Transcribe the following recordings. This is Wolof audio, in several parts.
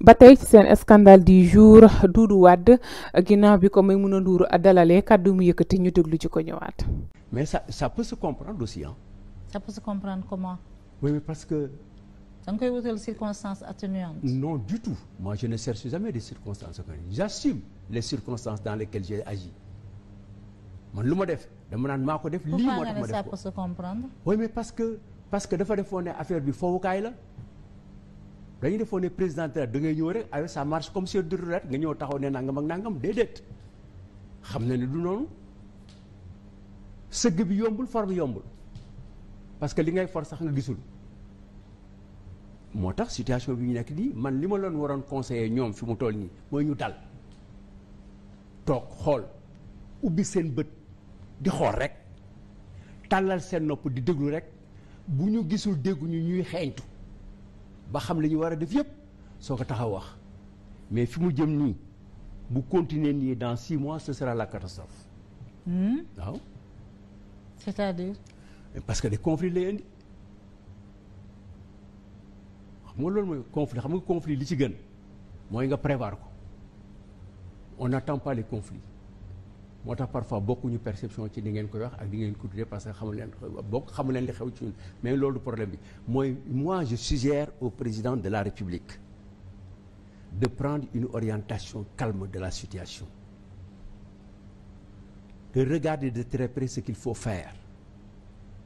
Bataille tey ci scandale du jour Doudou Wade ginnaaw bi ko Maïmouna Ndour dalalee kàddu mu yëkkati ñu déglu ci ko ñëwaat. mais ça ça peut se comprendre aussi hein. ça peut se comprendre comment. oui mais parce que. da nga koy wutal circonstances atténuantes. non du tout moi je ne cherche jamais des circonstances j'assume les circonstances dans lesquelles j'ai agi man lu ma def dama naan maa ko def. lii moo tax def ça peut se comprendre. oui mais parce que. parce que dafa defone affaire bi kay la dañu defoon ne président da ngay ñëw rek ay ça marche comme sur du roulette nga ñëw taxaw né nangam ak nangam déedéet xam na ne du non seug bi yombul forme yombul parce que li ngay for sax nga gisul motax situation bi ñu nek nii man lima ma waron conseiller ñom fi mu toll ni moy ñu dal tok xol ubi sen beut di xor rek talal sen nopp di deglu rek. Si gisul dégguñu ñuy xeeñtu ba xam li ñu war def yépp mais fi mu jëm bu continuer dans six mois ce sera la catastrophe. Hmm? c'est-à-dire. parce que des conflits lay indi xam loolu conflit xam nga conflit li ci gën on n'attend pas les conflits moo tax parfois bokkuñu perception ci li ngeen koy wax ak li ngeen ko tuddee parce que xamu leen bokk xamu leen li xew ci ñun mais loolu problème bi mooy moi je suggère au président de la République de prendre une orientation calme de la situation de regarder de très près ce qu'il faut faire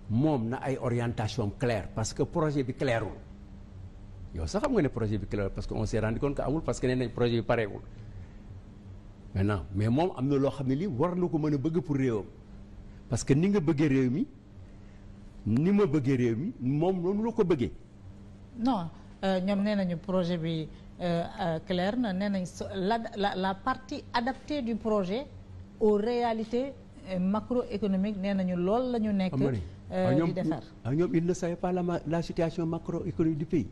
moom na ay orientation claire parce que projet bi clairul yow sax xam nga ne projet bi clair parce que on s'est rendu compte que amul parce que nee nañ projet bi pareewul maintenant mais moom am na loo xam ne lii war na ko mën a bëgg pour réewam parce que ni nga bëggee réew mi ni ma bëggee réew mi moom noonu la ko bëggee. non euh, ñoom nee nañu projet bi euh, euh, clair na nee nañ la la la partie adaptée du projet aux réalités macroéconomiques nee nañu lool la ñu nekk. Ah, ah, di defar ah ñoom il ne savait pas la la situation macroéconomique du pays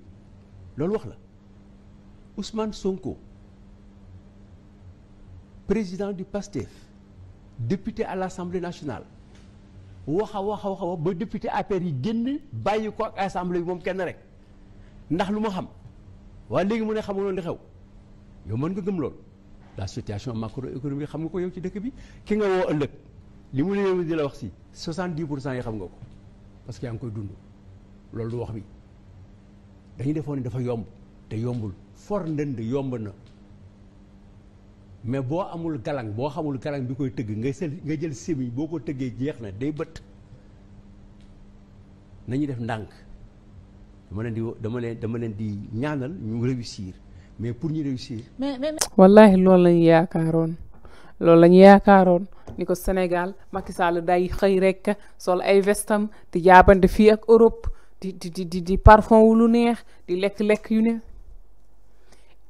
loolu wax la Ousmane Sonko président du PASTEF député à l'Assemblée nationale waxa a waxa député APR yi génn bàyyi ak assemblée bi kenn rek ndax lu xam léegi mu ne di xew la situation macroéconomique xam nga ko yow ci dëkk bi ki nga li mu di la wax si 70 pour cent xam nga ko parce que yaa ngi koy dund loolu du wax bi dañu defoon ne dafa yomb yombul mais boo amul galang boo xamul galang bi koy tëgg nga sel nga jël semiñ boo ko tëggee jeex na day bët nañu def ndànk dama leen di dama leen dama leen di ñaanal ñu réussir mais pour ñu réussir. mais mais wallaahi loolu lañu yaakaaroon loolu lañu yaakaaroon ni ko Sénégal Macky Sall day xëy rek sol ay vestam di jaabante fii ak Europe di di di di parfum wu lu neex di lekk lekk yu ne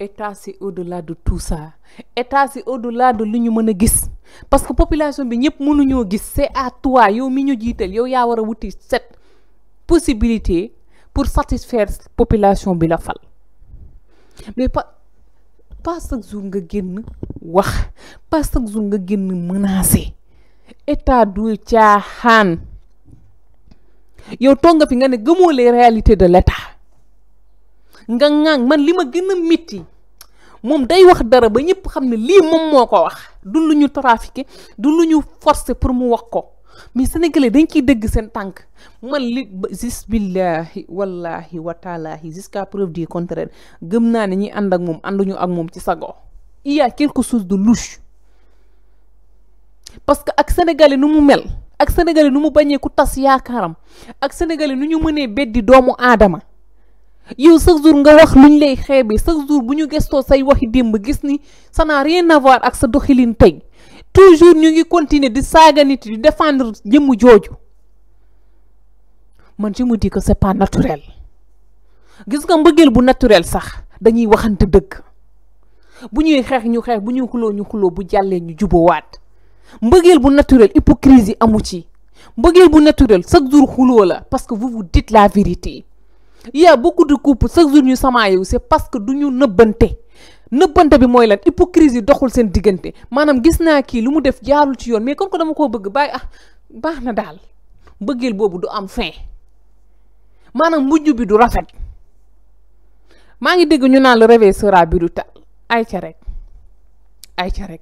état c'est au-delà de tout ça état c'est au-delà de ce que parce que population bi gis c'est à toi yow mi ñu yow ya cette possibilité pour satisfaire population bi la fal mais pas pas chaque jour nga genn wax pas nga menacer état du yow ne les réalités de l'état nga ngang man lima gëna miti, mom day wax dara ba ñepp xam li mom moko wax du luñu trafiquer du luñu forcer pour mu wax ko mi sénégalais dañ ci dégg sen tank man li gis billahi wallahi wa taala jusqu'à preuve du contraire gëm na ni ñi and ak mom anduñu ak mom ci sago il y a quelque chose de louche parce que ak sénégalais nu mu mel ak sénégalais nu mu bañé ku tass yaakaram ak sénégalais nu ñu mënee beddi doomu adama yow chaque jour nga wax luñ lay xeebee chaque jour bu ñu gëstoo say waxi démb gis ni ça n'a rien à voir ak sa doxalin tey toujours ñu ngi continuer di saaga nit di défendre jëmm jooju man je me dis que c'est pas naturel gis nga mbëggeel bu naturel sax dañuy waxante dëgg bu ñuy xeex ñu xeex bu ñuy xuloo ñu xuloo bu jàllee ñu jubowaat mbëggeel bu naturel hypocrisie amu ci mbëggeel bu naturel chaque jour xuloo la parce que vous vous dites la vérité yaa a beaucoup de couple chaque jour c'est parce que du ñu nëbbante nëbbante bi mooy lan hypocrisie yi doxul seen diggante maanaam gis naa kii lu mu def jaarul ci yoon mais kon ko dama koo bëgg bàyyi ah baax na daal bëggeel boobu du am fin maanaam mujj bi du rafet maa ngi dégg ñu naa le réveil sera brutal ay ca ay ca rek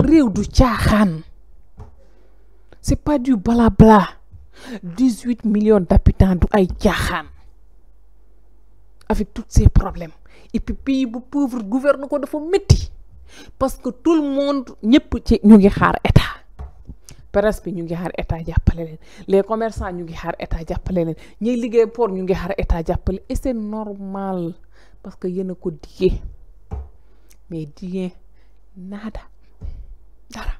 réew du caaxaan c'est pas du blabla dix-huit millions d'habitants du ay caaxaan avec tous ces problèmes et puis pays bu pauvre gouverne ko dafa metti parce que tout le monde ñepp ci ñu ngi xaar état presse bi ñu ngi xaar état jappalé len. les commerçants ñu ngi xaar état jappalé len. ñiy liggéey port ñu ngi xaar état jappalé et c'est normal parce que yéen ko diggee mais diggee nada. dara.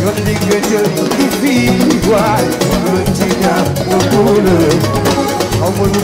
Yo digo yo y vivo Dünya mutluluk Almanın